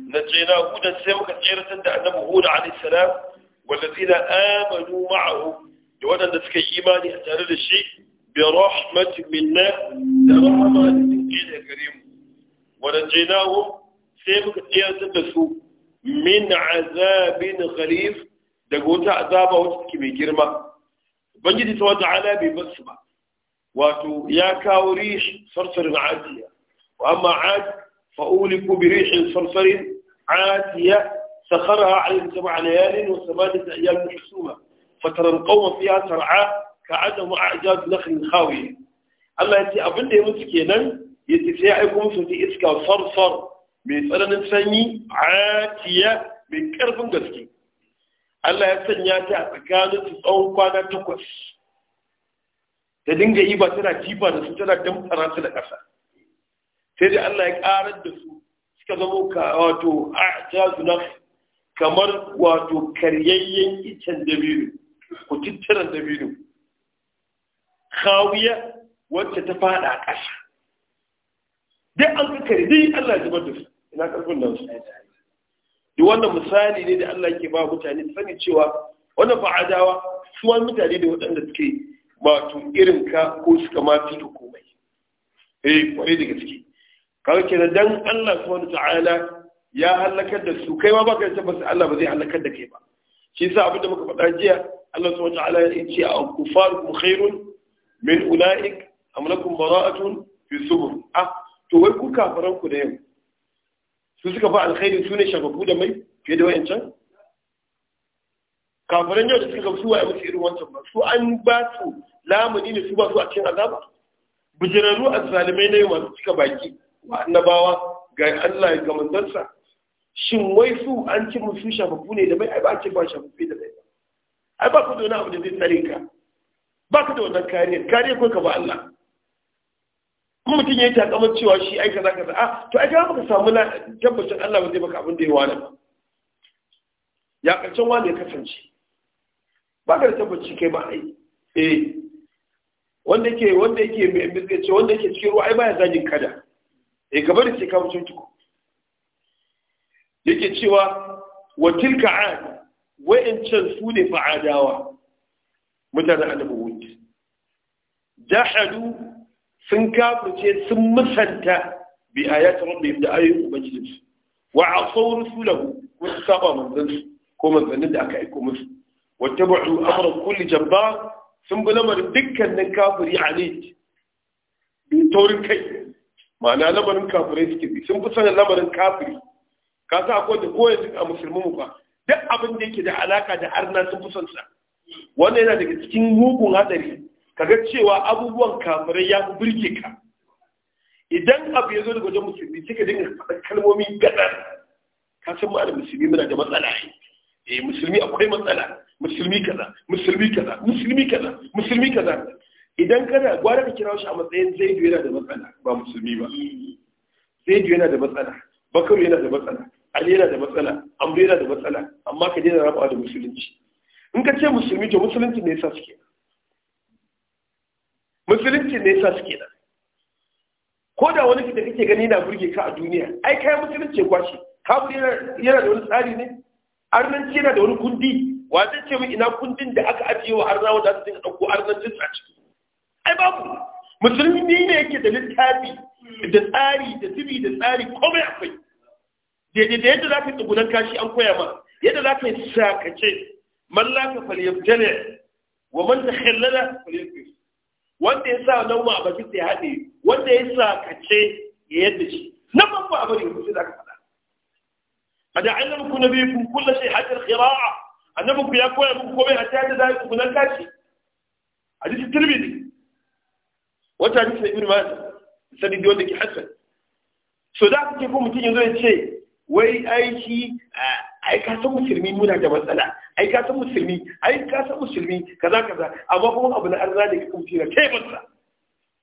نجينا هودا سيوكا جيرة النبو هود عليه السلام والذين آمنوا معه يوانا نسكى إيماني أتعلي الشيء برحمة منا لرحمة الدنجيل الكريم ونجيناهم سيبك قيادة النسو من عذاب غليف دقوت عذابه وتبكي من بنجد سوى تعالى ببسمة واتو يا كاوريش صرصر عادية وأما عاد فأولكوا بريح صرصر عاتية سخرها على سبع ليال وثمانية أيام محسومة فترى القوم فيها سرعى كعدم أعجاز نخل خاوية أما أنت أبن مسكينا يتسيعكم في إسكا صرصر من فلن سني عاتية من كرب قسكي ألا ya sanya أتكاد a tsakanin su tsawon kwana takwas ta dinga yi ba tana jiba da sai da Allah ya karar da su suka zama ka wato a'jazu nakh kamar wato karyayyen icen dabino ku tittiran dabino khawiya wacce ta fada ƙasa dai an ka kare dai Allah ya zubar da su ina karfin nan su da wannan misali ne da Allah ke ba mutane sani cewa wannan fa'adawa su wani mutane da waɗanda suke wato irin ka ko suka ma fi komai eh kwarai da gaske kawai kenan dan Allah subhanahu ta'ala ya halakar da su kai ma baka da tabbas Allah ba zai halakar da kai ba shi yasa abin da muka faɗa jiya Allah subhanahu ta'ala ya ce a kufarukum khairun min ulaik am lakum bara'atun fi subur ah to wai ku kafaran ku da yau su suka fa alkhairi su ne shafafu da mai fiye da wayancan kafaran yau da suka gamsu waye musu irin wancan ba su an ba su lamuni ne su ba su a cikin azaba bijirarru azzalimai ne masu cika baki wa annabawa ga Allah ga manzansa shin wai su an ci musu shafafu ne da bai ai ba ci ba shafafu da bai ai ba ku da wani abu da zai tsare ka ba ka da wannan kariya kariya ko ka ba Allah kuma mutum ya yi takamar cewa shi ai kaza kaza a to ai ka baka samu na tabbacin Allah ba zai baka abin da ya wani ba ya karshen wani ya kasance ba ka da tabbaci kai ba ai eh wanda yake wanda yake mai ce wanda yake cikin ruwa ai baya zagin kada e eh, gaba da shekaru sun wucin tuku yake cewa wa tilka ad wa'ancan su ne fa'adawa mutanen annabi hud jahadu sun kafirce sun musanta bi ayati rabbihim da ayoyin ubangijinsu wa su rusulahu wasu saba manzansu ko manzannin da aka aiko musu wata ba'u amuran kulli jabbar sun bi lamarin dukkanin kafiri a ne taurin kai ma'ana lamarin kafirai suke bi sun fi sanin lamarin kafiri ka sa akwai da ko a musulmi mu ba duk abin da yake da alaka da arna sun fi son sa wannan yana daga cikin mugun hadari kaga cewa abubuwan kafirai ya fi birge ka idan abu ya zo daga wajen musulmi sai ka dinga faɗa kalmomi gadar ka san ma'anar musulmi muna da matsala eh musulmi akwai matsala musulmi kaza musulmi kaza musulmi kaza musulmi kaza idan kana gwara ka kira shi a matsayin zaidu yana da matsala ba musulmi ba zaidu yana da matsala bakaru yana da matsala ali yana da matsala amru yana da matsala amma ka daina rabawa da musulunci in ka ce musulmi to musulunci ne yasa suke musulunci ne yasa suke nan ko da wani da kake gani na burge ka a duniya ai kai musulunci kwashi kafin yana da wani tsari ne arnanci yana da wani kundi wa zai ce min ina kundin da aka ajiye wa arna wanda su dinga ɗauko arnancin a cikin ai babu musulmi ne yake da littafi da tsari da tibi da tsari komai akwai daidai da yadda za ka tsugunan kashi an koya ma yadda za ka yi sakace mallaka falyabtale wa man takhallala falyabtale wanda ya sa nauma a bakin ya haɗe wanda ya sakace ya yadda shi Nan babba a bari mutum za ka faɗa a da annabi ku biyu ku kullu shay hatta qira'a annabi ku ya koya muku komai hatta da za ku nan kashi hadisi tirmidhi wata hadisi da ibn majah sanadi wanda ke hasan so da kake ko mutum yanzu ya ce wai ai shi ai ka san musulmi muna da matsala ai ka san musulmi ai ka san musulmi kaza kaza amma kuma abu na arza da kake mutum ya kai masa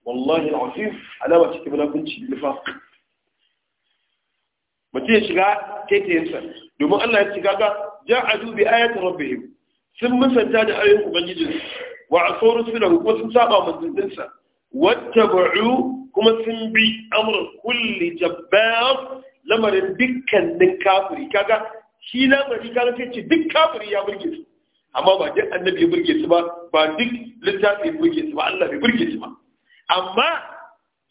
wallahi alazim alama cikin munafunci nifaq mutum ya shiga taitayensa domin Allah ya shiga ga ja'adu bi ayati rabbihim sun musanta da ayoyin ubangijinsu wa asawu rusulahu ko sun saba manzanninsa wattaba'u kuma sun bi amr kulli jabbar lamarin dukkanin kafiri kaga shi lamari kaga sai ce duk kafiri ya burge su amma ba duk annabi ya burge su ba ba duk littafi ya burge su ba Allah bai burge su ba amma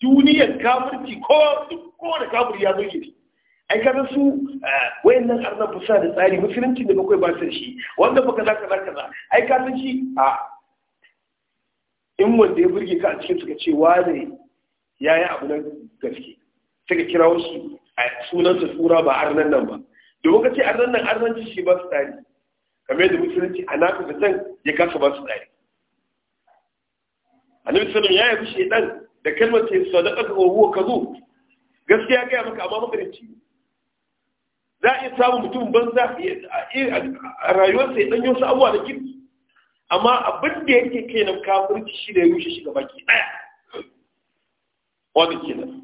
duniyar kafirci ko ko da kafiri ya burge su ai kaga su eh, wayannan arnan fusa da tsari musulunci da bakwai ba su shi wanda baka za ka za za ai ka san shi a'a. in wanda ya burge ka a cikin suka ce ne ya yi abu na gaske suka kira wasu a sunansa tura ba arnan nan ba domin ka ce arnan nan ci shi ba su tsari kamar yadda musulunci a naka can ya kasa ba su tsari nan sanin ya rushe dan da kalmar ta sadaka wa huwa gaske gaskiya gaya maka amma makarinci za a iya samun mutum banza a rayuwarsa ya ɗanyo su abuwa da kirki amma abin da yake kai na kafirci shi da ya rushe shi gaba ki daya wani kenan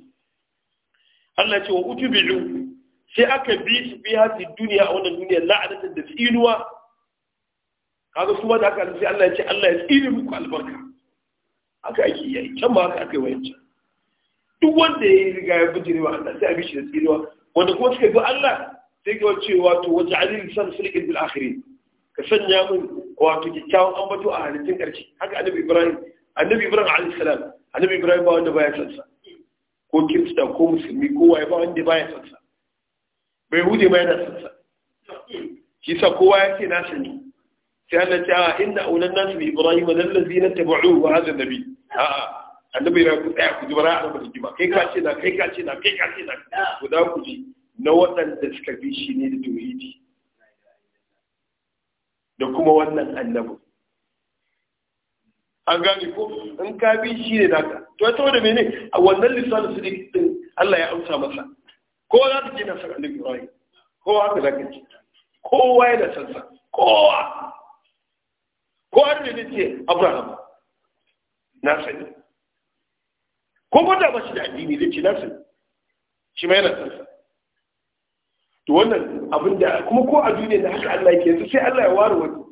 Allah ce wa utubi'u sai aka bi su bi hasi duniya a wannan duniya la'anatan da tsinuwa kaga su ma da haka sai Allah ya ce Allah ya tsine muku albarka aka yi yayi can ma haka aka yi wayancan duk wanda ya yi riga ya bijirewa Allah sai a bi shi da tsinuwa wanda kuma suka ga Allah sai ga cewa to waje alil san sulqin bil akhirin ka sanya min wato kyakkyawan ambato a halittun ƙarshe haka annabi ibrahim annabi ibrahim alayhi salam annabi ibrahim ba wanda baya son sa ko kirista ko musulmi ko waye ba wanda baya son sa bai hude ma yana son sa shi sa kowa ya ce na sani sai Allah ya ce inna awlan nas bi ibrahim lal ladina tabu'u wa hadha nabi a annabi ibrahim ku tsaya ku ji bara annabi ji kai ka ce na kai ka ce na kai ka ce na ku da ku ji na waɗanda suka bi shi ne da tauhidi da kuma wannan annabu. an gane ko in ka bi shi ne naka to ya tawo da mene a wannan lissanin su din Allah ya amsa masa Ko za ta ji na san annabi Ibrahim Ko haka za ka ce kowa ya san sa kowa ko da ne ce Abraham na sani ko ko da ba shi da addini zai ce na sani shi ma yana san sa to wannan abin da kuma ko a duniya da haka Allah yake yanzu sai Allah ya ware wani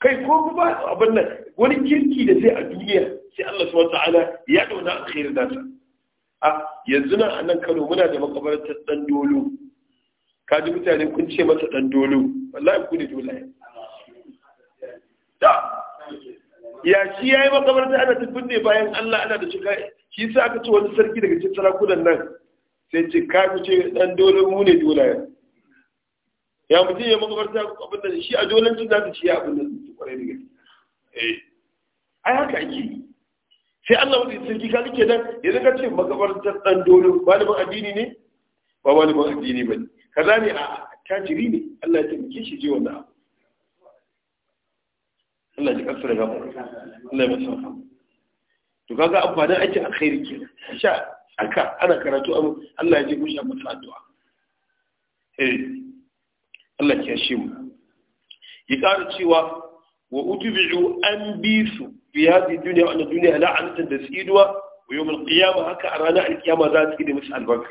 kai ko ba abin nan wani kirki da sai a duniya sai Allah subhanahu wataala ya dauna da nasa a yanzu nan a nan Kano muna da makabartar dan dolo ka ji mutane kun ce masa dan dolo wallahi ku ne dole da ya shi yayi ta ana tabbin ne bayan Allah ana da shi kai shi sa aka ci wani sarki daga cikin sarakunan nan sai ce ka ce dan dole mu ne dole ya mutum ya makabarta abin da shi a dolancin za su ci abin da su kwarai da gaske eh ai haka ake sai Allah mutum sarki ka kike dan idan ka ce makabartar dan dole malamin addini ne ba malamin addini ba ne kaza ne a tajiri ne Allah ya tabbace shi je wannan abu Allah ya kasar gaba Allah ya masa to kaga amfanin aikin alkhairi kenan sha haka ana karatu abu Allah ya ji musha ta addu'a eh Allah ya shi mu ya ƙara cewa wa utbi'u an bisu fi hadi dunya wa dunya la'anatan da tsiduwa wa yawm al-qiyamah haka a ranar al-qiyama za su yi da musu albarka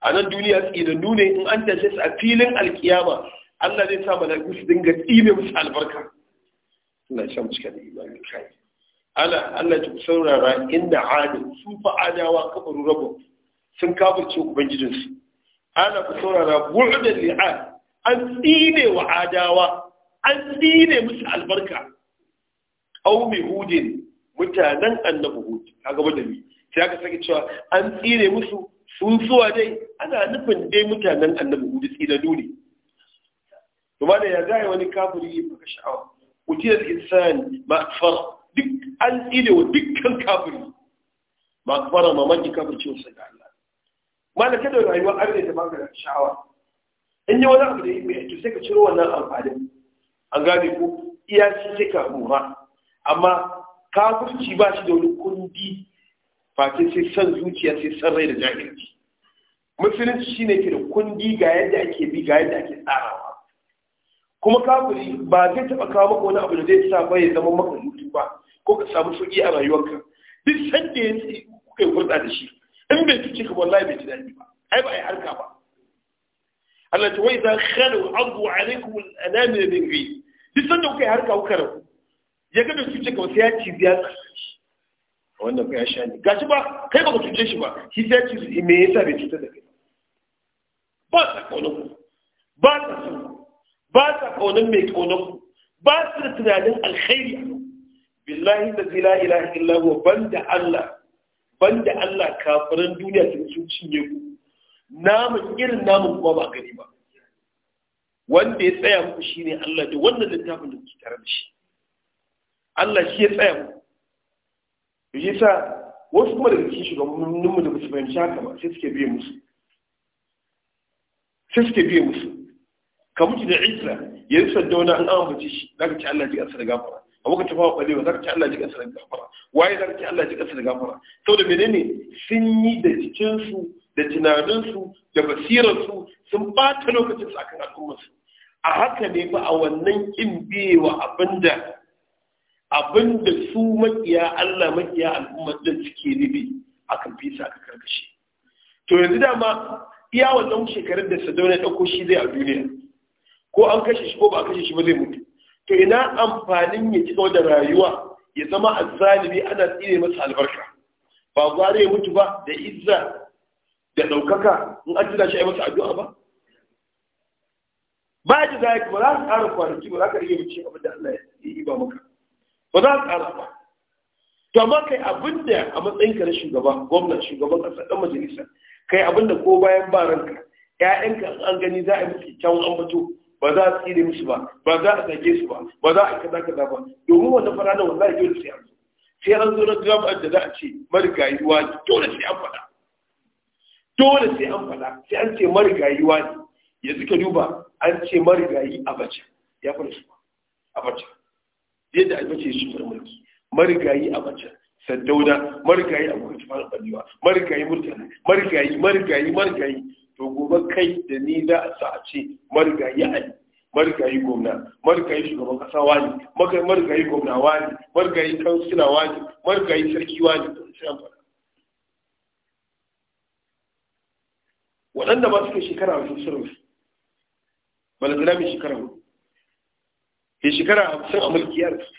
a nan duniya da ne in an tashe su a filin al-qiyama Allah zai sa mala'iku su dinga tsime musu albarka Allah ya sha mu cika da imani kai ala Allah ta saurara inda adi su fa adawa kabaru rabu sun kafirce ubangijinsu ala ku saurara bu'dan li'ad an tsine wa adawa an tsine musu albarka qaumi hudin mutanen annabi hud kaga badali sai aka saki cewa an tsire musu sun zuwa dai ana nufin dai mutanen annabi hudu tsinanu ne to ma da ya zai wani kafiri ya faka sha'awa utiyar insan ma'afar duk an ile wa dukkan kafiri ba ka fara mamaki kafin ciwon ga Allah malam kada rayuwa an ne ta baka sha'awa in yi wani abu da yake to sai ka ciro wannan amfanin an gane ko iya shi sai ka hura amma kafirci ba shi da wani kundi fatin sai san zuciya sai san rai da jahilci musulunci shine ke da kundi ga yadda ake bi ga yadda ake tsarawa kuma kafiri ba zai taɓa kawo maka wani abu da zai sa bai ya zama maka mutu ba ko ka samu sauki a rayuwarka duk sanda ya tsi kuka yi hulɗa da shi in bai cuce ka wallahi bai ji daɗi ba ai ba a yi harka ba Allah ta wai zan khalu abu alaikum al'anami min ghi duk sanda kuka yi harka kuka rabu ya ga da cuce ka sai ya ci ya tsakashi wannan ba ya sha ne gashi ba kai baka cuce shi ba shi sai ya ci me yasa bai cuta da kai ba sa ta ku. ba sa so ba sa kaunar mai ku. ba su da tunanin alkhairi billahi da zila ilaha illahu banda Allah banda Allah kafiran duniya sun sun cinye ku namun irin namun kuma ba gani ba wanda ya tsaya muku shine Allah da wannan littafin da kuke tare da shi Allah shi ya tsaya muku sa wasu kuma daga cikin shugabanninmu da basu fahimci haka ba sai suke biye musu sai suke biye musu ka mutu da isra ya yi sadda wani an ambace shi zaka ci Allah ji ansa da gafara a lokacin tafawa kwalewa ka ci Allah ji kansa da gafara waye ka ci Allah ji kansa da gafara saboda menene sun yi da cikin su da tunanin su da basirar su sun bata lokacin su akan al'ummar su a haka ne ba a wannan ƙin biyewa abinda abinda su makiya Allah makiya al'ummar din suke nufi kan fisa ka karkashi? to yanzu dama iya wannan shekarun da Sadauna ya ɗauko shi zai a duniya ko an kashe shi ko ba a kashe shi ba zai mutu to ina amfanin ya ci da rayuwa ya zama a zalibi ana tsire masa albarka ba gware ya mutu ba da izza da ɗaukaka in an tuna shi a masa addu'a ba ba ji za yi ba za a ƙara kwanaki ba za ka iya mace abin da Allah ya yi ba maka ba za a ƙara ba to amma kai abin da a matsayin ka na shugaba gwamna shugaban ƙasa ɗan majalisa kai abin da ko bayan ba ranka ƴaƴanka an gani za a yi musu an fito. ba za a tsire musu ba ba za a sake su ba ba za a kaza kaza ba domin wata fara da wallahi dole sai an zo sai an zo na gaba da za a ce marigayi ne dole sai an faɗa dole sai an faɗa sai an ce marigayi ne yanzu ka duba an ce marigayi a bacin ya fara su a bacin yadda a bace su fara mulki marigayi a bacin saddauna marigayi a kuma tafara ɓallewa marigayi murtala marigayi marigayi marigayi to gobe kai da ni za a sa a ce marigayi ali marigayi gwamna marigayi shugaban kasa wani marigayi gwamna wani marigayi kansila wani marigayi sarki wani sai an faɗa waɗanda ba suka shekara hamsin sun rufe balazana mai shekara hudu ke shekara hamsin a mulki ya rufe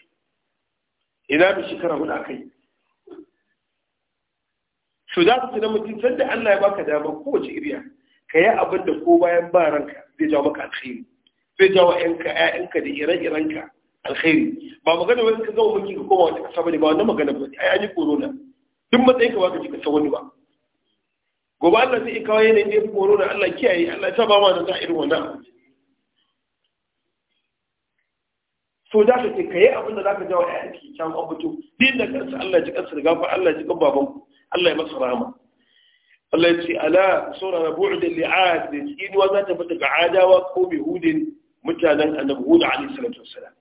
ina mai shekara hudu a kai su za su tunan mutum sanda allah ya baka dama kowace iriya ka yi abin da ko bayan ba ranka zai jawo maka alkhairi zai jawo ƴanka ƴaƴanka da ire-irenka alkhairi ba magana wani ka zama mulki ka koma wata ƙasa bane ba wannan magana ba ai an yi corona duk matsayin ka ba ka ji ka wani ba gobe Allah zai kawo yanayin da ya fi corona Allah kiyaye Allah ya sa ba ma da za irin wannan abu so za ka ce ka yi abin da za ka jawo ‘ya'yanki kyan abuto din da kansa Allah ji kansa da gafa Allah ji kan babanku, Allah ya masa rama التي ألا صورة بعد لعاد إذ وذات فتك عداوة قوم هود متانا أن هود عليه الصلاة والسلام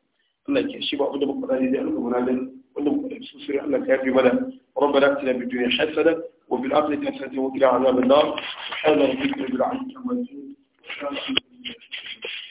الله يكي شبع ودب قرآن يدي أنك منادا ودب قرآن يسوسري أنك يابي ولا ربنا اتنا بالدنيا حسنة وفي الآخرة وكلا عذاب النار سبحان الله وكلا عذاب النار Thank